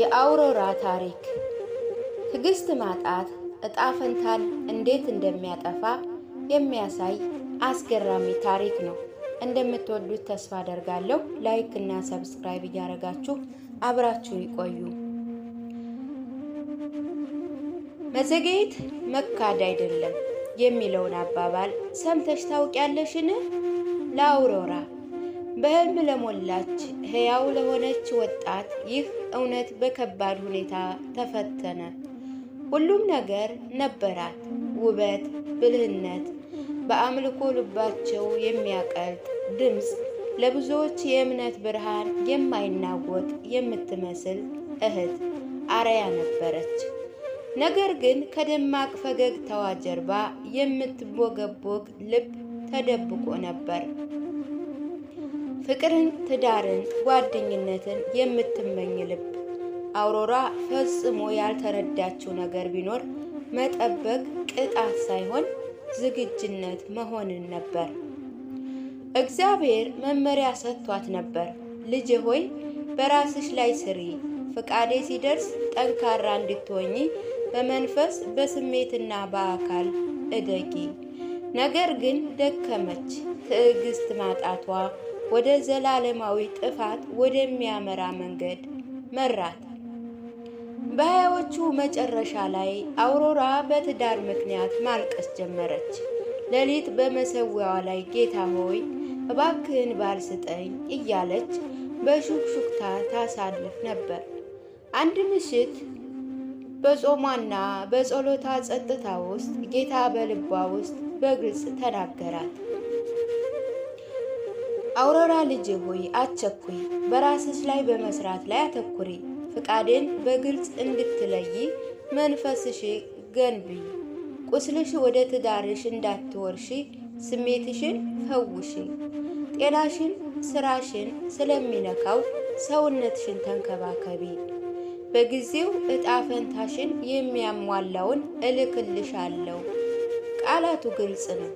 የአውሮራ ታሪክ ትዕግስት ማጣት ዕጣ ፈንታን እንዴት እንደሚያጠፋ የሚያሳይ አስገራሚ ታሪክ ነው። እንደምትወዱት ተስፋ አደርጋለሁ። ላይክ እና ሰብስክራይብ እያደረጋችሁ አብራችሁ ይቆዩ። መዘግየት መካድ አይደለም። የሚለውን አባባል ሰምተሽ ታውቂያለሽን? ለአውሮራ በህልም ለሞላች ህያው ለሆነች ወጣት ይህ እውነት በከባድ ሁኔታ ተፈተነ። ሁሉም ነገር ነበራት፣ ውበት፣ ብልህነት፣ በአምልኮ ልባቸው የሚያቀልጥ ድምፅ፣ ለብዙዎች የእምነት ብርሃን የማይናወጥ የምትመስል እህት አረያ ነበረች። ነገር ግን ከደማቅ ፈገግታዋ ጀርባ የምትቦገቦግ ልብ ተደብቆ ነበር። ፍቅርን፣ ትዳርን፣ ጓደኝነትን የምትመኝ ልብ አውሮራ ፈጽሞ ያልተረዳችው ነገር ቢኖር መጠበቅ ቅጣት ሳይሆን ዝግጅነት መሆንን ነበር። እግዚአብሔር መመሪያ ሰጥቷት ነበር። ልጄ ሆይ በራስሽ ላይ ስሪ፣ ፈቃዴ ሲደርስ ጠንካራ እንድትሆኚ በመንፈስ በስሜትና በአካል እደጊ። ነገር ግን ደከመች። ትዕግስት ማጣቷ ወደ ዘላለማዊ ጥፋት ወደሚያመራ መንገድ መራት። በሀያዎቹ መጨረሻ ላይ አውሮራ በትዳር ምክንያት ማልቀስ ጀመረች። ሌሊት በመሰዊያዋ ላይ ጌታ ሆይ እባክህን ባል ስጠኝ እያለች በሹክሹክታ ታሳልፍ ነበር። አንድ ምሽት በጾሟና በጸሎታ ጸጥታ ውስጥ ጌታ በልቧ ውስጥ በግልጽ ተናገራት። አውሮራ ልጅ ሆይ አቸኩይ በራስሽ ላይ በመስራት ላይ አተኩሪ። ፍቃድን በግልጽ እንድትለይ መንፈስሽ ገንቢ። ቁስልሽ ወደ ትዳርሽ እንዳትወርሺ፣ ስሜትሽን ፈውሺ። ጤናሽን፣ ስራሽን ስለሚነካው ሰውነትሽን ተንከባከቢ። በጊዜው እጣ ፈንታሽን የሚያሟላውን እልክልሻለሁ። ቃላቱ ግልጽ ነው።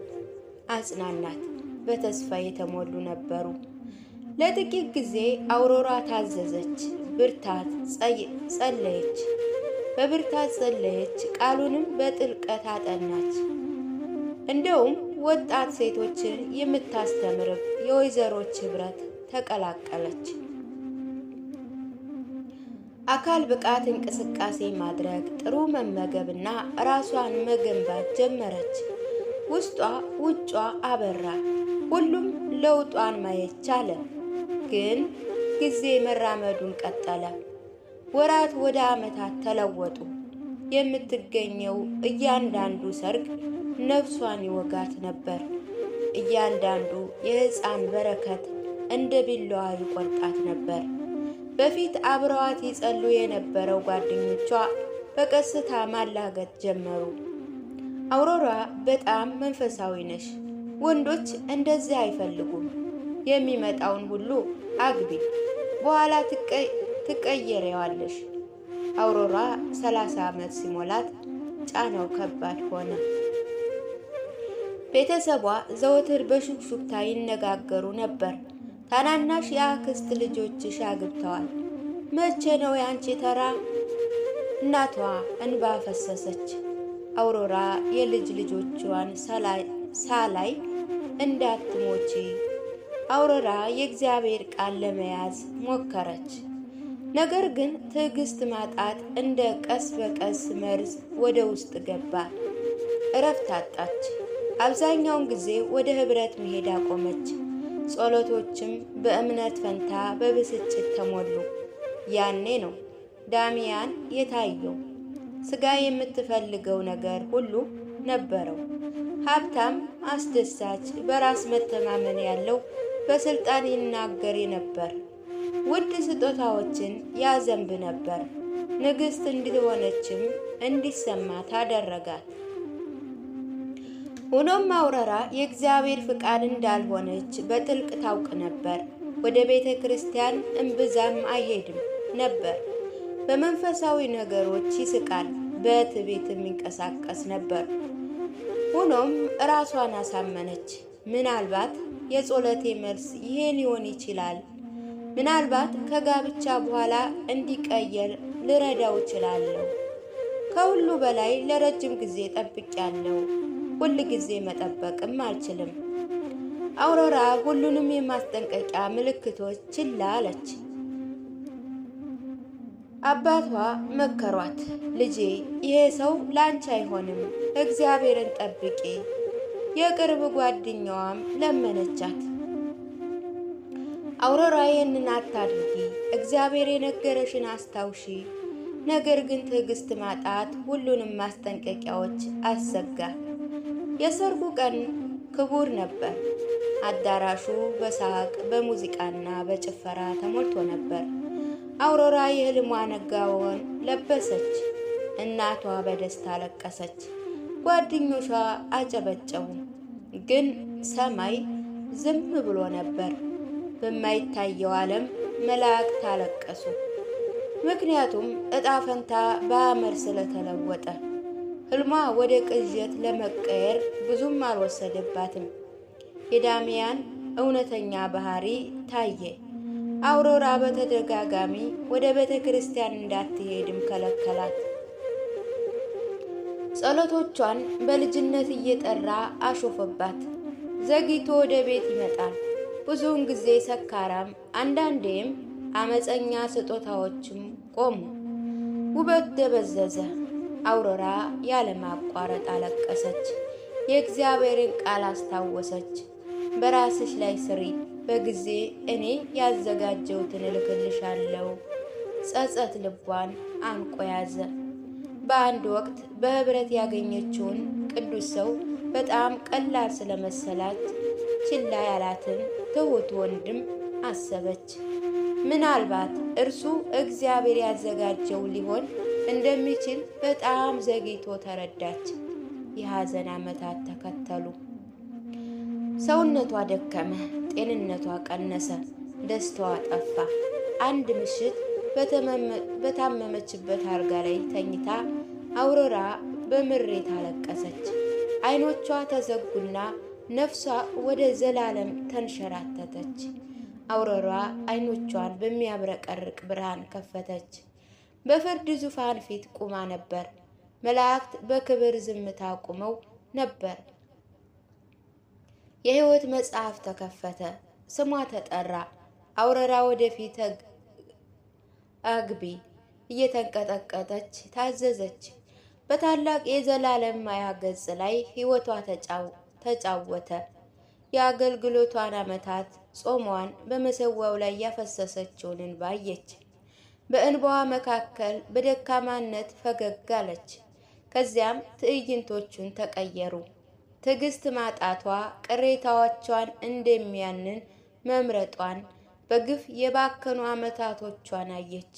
አጽናናት። በተስፋ የተሞሉ ነበሩ። ለጥቂት ጊዜ አውሮራ ታዘዘች፣ ብርታት ጸለየች። በብርታት ጸለየች፣ ቃሉንም በጥልቀት አጠናች። እንደውም ወጣት ሴቶችን የምታስተምርብ የወይዘሮች ኅብረት ተቀላቀለች። አካል ብቃት እንቅስቃሴ ማድረግ፣ ጥሩ መመገብና ራሷን መገንባት ጀመረች። ውስጧ ውጯ አበራ። ሁሉም ለውጧን ማየት ቻለ። ግን ጊዜ መራመዱን ቀጠለ። ወራት ወደ ዓመታት ተለወጡ። የምትገኘው እያንዳንዱ ሰርግ ነፍሷን ይወጋት ነበር። እያንዳንዱ የሕፃን በረከት እንደ ቢላዋ ይቆርጣት ነበር። በፊት አብረዋት ይጸሉ የነበረው ጓደኞቿ በቀስታ ማላገጥ ጀመሩ። አውሮራ በጣም መንፈሳዊ ነሽ፣ ወንዶች እንደዚህ አይፈልጉም። የሚመጣውን ሁሉ አግቢ፣ በኋላ ትቀየሪዋለሽ። አውሮራ 30 ዓመት ሲሞላት ጫናው ከባድ ሆነ። ቤተሰቧ ዘወትር በሹክሹክታ ይነጋገሩ ነበር። ታናናሽ የአክስት ልጆችሽ አግብተዋል። መቼ ነው የአንቺ ተራ? እናቷ እንባ ፈሰሰች። አውሮራ የልጅ ልጆቿን ሳላይ እንዳትሞቺ አውሮራ የእግዚአብሔር ቃል ለመያዝ ሞከረች። ነገር ግን ትዕግስት ማጣት እንደ ቀስ በቀስ መርዝ ወደ ውስጥ ገባ። እረፍት አጣች። አብዛኛውን ጊዜ ወደ ህብረት መሄድ አቆመች። ጸሎቶችም በእምነት ፈንታ በብስጭት ተሞሉ። ያኔ ነው ዳሚያን የታየው። ስጋ የምትፈልገው ነገር ሁሉ ነበረው። ሀብታም፣ አስደሳች፣ በራስ መተማመን ያለው በስልጣን ይናገር ነበር። ውድ ስጦታዎችን ያዘንብ ነበር። ንግሥት እንደሆነችም እንዲሰማት አደረጋት። ሆኖም አውረራ የእግዚአብሔር ፍቃድ እንዳልሆነች በጥልቅ ታውቅ ነበር። ወደ ቤተ ክርስቲያን እምብዛም አይሄድም ነበር። በመንፈሳዊ ነገሮች ይስቃል፣ በትዕቢት ይንቀሳቀስ ነበር። ሆኖም ራሷን አሳመነች። ምናልባት የጸሎቴ መልስ ይሄ ሊሆን ይችላል። ምናልባት ከጋብቻ በኋላ እንዲቀየር ልረዳው እችላለሁ። ከሁሉ በላይ ለረጅም ጊዜ ጠብቄያለሁ። ሁል ጊዜ መጠበቅም አልችልም። አውሮራ ሁሉንም የማስጠንቀቂያ ምልክቶች ችላ አለች። አባቷ መከሯት። ልጄ ይሄ ሰው ላንቺ አይሆንም፣ እግዚአብሔርን ጠብቂ። የቅርብ ጓደኛዋም ለመነቻት። አውሮራ ይህንን አታድርጊ፣ እግዚአብሔር የነገረሽን አስታውሺ። ነገር ግን ትዕግስት ማጣት ሁሉንም ማስጠንቀቂያዎች አሰጋ። የሰርጉ ቀን ክቡር ነበር። አዳራሹ በሳቅ በሙዚቃና በጭፈራ ተሞልቶ ነበር። አውሮራ የህልሟ ነጋውን ለበሰች። እናቷ በደስታ ለቀሰች። ጓደኞቿ አጨበጨቡ። ግን ሰማይ ዝም ብሎ ነበር። በማይታየው ዓለም መላእክት አለቀሱ። ምክንያቱም እጣ ፈንታ በአመር ስለተለወጠ ህልሟ ወደ ቅዠት ለመቀየር ብዙም አልወሰደባትም። የዳሚያን እውነተኛ ባህሪ ታየ። አውሮራ በተደጋጋሚ ወደ ቤተ ክርስቲያን እንዳትሄድም ከለከላት። ጸሎቶቿን በልጅነት እየጠራ አሾፈባት። ዘግይቶ ወደ ቤት ይመጣል። ብዙውን ጊዜ ሰካራም፣ አንዳንዴም አመፀኛ ስጦታዎችም ቆሙ። ውበት ደበዘዘ። አውሮራ ያለማቋረጥ አለቀሰች። የእግዚአብሔርን ቃል አስታወሰች። በራስሽ ላይ ስሪ፣ በጊዜ እኔ ያዘጋጀሁትን እልክልሻለሁ። ጸጸት ልቧን አንቆ ያዘ። በአንድ ወቅት በህብረት ያገኘችውን ቅዱስ ሰው በጣም ቀላል ስለመሰላት ችላ ያላትን ትሁት ወንድም አሰበች። ምናልባት እርሱ እግዚአብሔር ያዘጋጀው ሊሆን እንደሚችል በጣም ዘግይቶ ተረዳች። የሐዘን ዓመታት ተከተሉ። ሰውነቷ ደከመ፣ ጤንነቷ ቀነሰ፣ ደስታዋ ጠፋ። አንድ ምሽት በታመመችበት አልጋ ላይ ተኝታ አውሮራ በምሬት አለቀሰች። ዓይኖቿ ተዘጉና ነፍሷ ወደ ዘላለም ተንሸራተተች። አውሮራ አይኖቿን በሚያብረቀርቅ ብርሃን ከፈተች። በፍርድ ዙፋን ፊት ቁማ ነበር። መላእክት በክብር ዝምታ ቁመው ነበር። የሕይወት መጽሐፍ ተከፈተ። ስሟ ተጠራ። አውረራ ወደፊት አግቢ እየተንቀጠቀጠች ታዘዘች። በታላቅ የዘላለም ማያ ገጽ ላይ ሕይወቷ ተጫወተ። የአገልግሎቷን ዓመታት ጾሟን በመሰዋው ላይ ያፈሰሰችውን እንባ አየች። በእንባዋ መካከል በደካማነት ፈገግ አለች። ከዚያም ትዕይንቶቹን ተቀየሩ። ትዕግስት ማጣቷ ቅሬታዎቿን እንደሚያንን መምረጧን በግፍ የባከኑ ዓመታቶቿን አየች።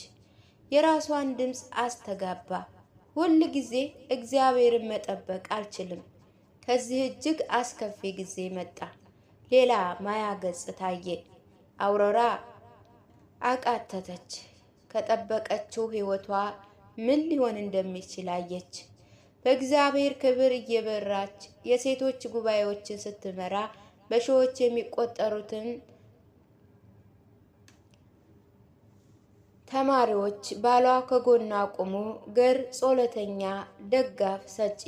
የራሷን ድምፅ አስተጋባ። ሁል ጊዜ እግዚአብሔርን መጠበቅ አልችልም። ከዚህ እጅግ አስከፊ ጊዜ መጣ። ሌላ ማያ ገጽ ታየ። አውሮራ አቃተተች። ከጠበቀችው ሕይወቷ ምን ሊሆን እንደሚችል አየች። በእግዚአብሔር ክብር እየበራች የሴቶች ጉባኤዎችን ስትመራ በሺዎች የሚቆጠሩትን ተማሪዎች ባሏ ከጎኗ ቆሞ ገር ጾለተኛ፣ ደጋፍ ሰጪ፣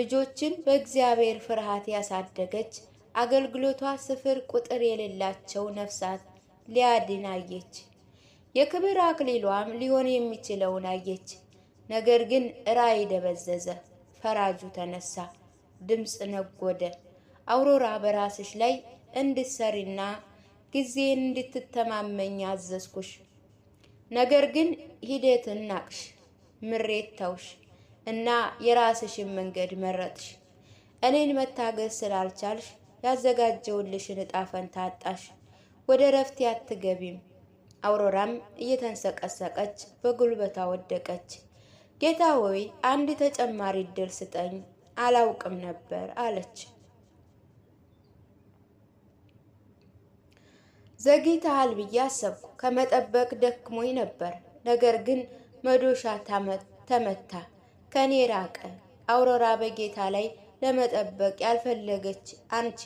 ልጆችን በእግዚአብሔር ፍርሃት ያሳደገች አገልግሎቷ ስፍር ቁጥር የሌላቸው ነፍሳት ሊያድን አየች። የክብር አክሊሏም ሊሆን የሚችለውን አየች። ነገር ግን ራእይ ደበዘዘ። ፈራጁ ተነሳ፣ ድምፅ ነጎደ። አውሮራ በራስሽ ላይ እንድትሰሪና ጊዜን እንድትተማመኝ አዘዝኩሽ። ነገር ግን ሂደትን ናቅሽ፣ ምሬት ተውሽ እና የራስሽን መንገድ መረጥሽ። እኔን መታገስ ስላልቻልሽ ያዘጋጀውልሽን እጣ ፈንታ አጣሽ፣ ወደ እረፍት አትገቢም። አውሮራም እየተንሰቀሰቀች በጉልበቷ ወደቀች። ጌታ ሆይ አንድ ተጨማሪ እድል ስጠኝ፣ አላውቅም ነበር አለች። ዘግይተሃል ብዬ አሰብኩ፣ ከመጠበቅ ደክሞኝ ነበር። ነገር ግን መዶሻ ተመታ፣ ከኔ ራቀ። አውሮራ በጌታ ላይ ለመጠበቅ ያልፈለገች አንቺ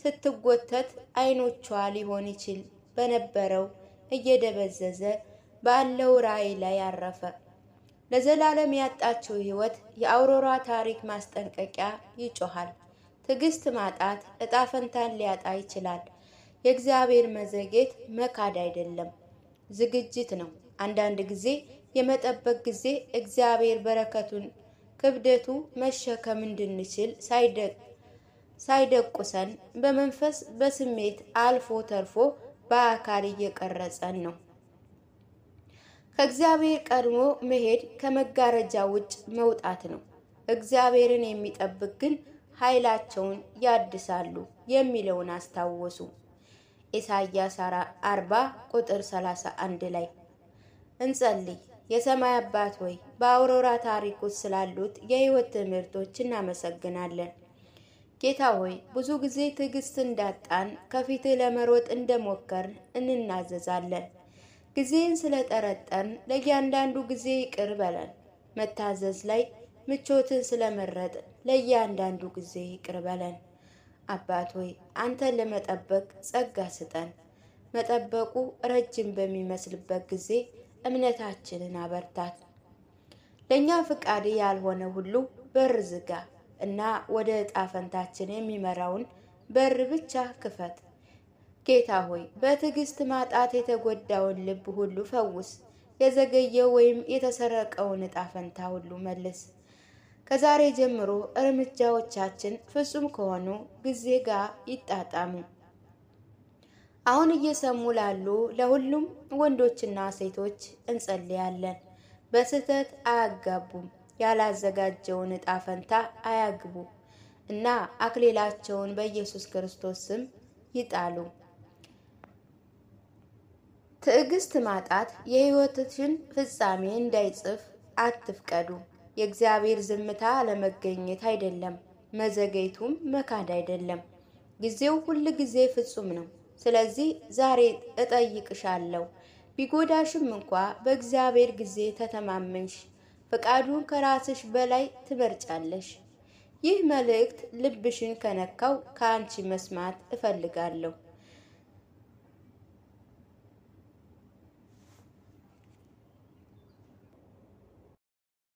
ስትጎተት አይኖቿ ሊሆን ይችል በነበረው እየደበዘዘ ባለው ራይ ላይ አረፈ። ለዘላለም ያጣችው ህይወት የአውሮራ ታሪክ ማስጠንቀቂያ ይጮሃል። ትዕግስት ማጣት እጣ ፈንታን ሊያጣ ይችላል። የእግዚአብሔር መዘጌት መካድ አይደለም፣ ዝግጅት ነው። አንዳንድ ጊዜ የመጠበቅ ጊዜ እግዚአብሔር በረከቱን ክብደቱ መሸከም እንድንችል ሳይደቁሰን በመንፈስ በስሜት አልፎ ተርፎ በአካል እየቀረጸን ነው። ከእግዚአብሔር ቀድሞ መሄድ ከመጋረጃ ውጭ መውጣት ነው። እግዚአብሔርን የሚጠብቅ ግን ኃይላቸውን ያድሳሉ የሚለውን አስታወሱ። ኢሳይያስ 40 ቁጥር 31 ላይ እንጸልይ። የሰማይ አባት ሆይ በአውሮራ ታሪክ ውስጥ ስላሉት የህይወት ትምህርቶች እናመሰግናለን። ጌታ ሆይ ብዙ ጊዜ ትዕግስት እንዳጣን ከፊትህ ለመሮጥ እንደሞከር እንናዘዛለን። ጊዜን ስለጠረጠን ለእያንዳንዱ ጊዜ ይቅር በለን። መታዘዝ ላይ ምቾትን ስለመረጥ ለእያንዳንዱ ጊዜ ይቅር በለን። አባት ሆይ አንተን ለመጠበቅ ጸጋ ስጠን። መጠበቁ ረጅም በሚመስልበት ጊዜ እምነታችንን አበርታት። ለእኛ ፍቃድ ያልሆነ ሁሉ በር ዝጋ እና ወደ እጣ ፈንታችን የሚመራውን በር ብቻ ክፈት። ጌታ ሆይ በትዕግስት ማጣት የተጎዳውን ልብ ሁሉ ፈውስ፣ የዘገየው ወይም የተሰረቀውን እጣ ፈንታ ሁሉ መልስ። ከዛሬ ጀምሮ እርምጃዎቻችን ፍጹም ከሆኑ ጊዜ ጋር ይጣጣሙ። አሁን እየሰሙ ላሉ ለሁሉም ወንዶችና ሴቶች እንጸልያለን። በስህተት አያጋቡም፣ ያላዘጋጀውን እጣ ፈንታ አያግቡ እና አክሊላቸውን በኢየሱስ ክርስቶስ ስም ይጣሉ። ትዕግስት ማጣት የሕይወትሽን ፍጻሜ እንዳይጽፍ አትፍቀዱ። የእግዚአብሔር ዝምታ አለመገኘት አይደለም፣ መዘገይቱም መካድ አይደለም። ጊዜው ሁል ጊዜ ፍጹም ነው። ስለዚህ ዛሬ እጠይቅሻለሁ፣ ቢጎዳሽም እንኳ በእግዚአብሔር ጊዜ ተተማመንሽ፣ ፈቃዱን ከራስሽ በላይ ትመርጫለሽ። ይህ መልእክት ልብሽን ከነካው ከአንቺ መስማት እፈልጋለሁ።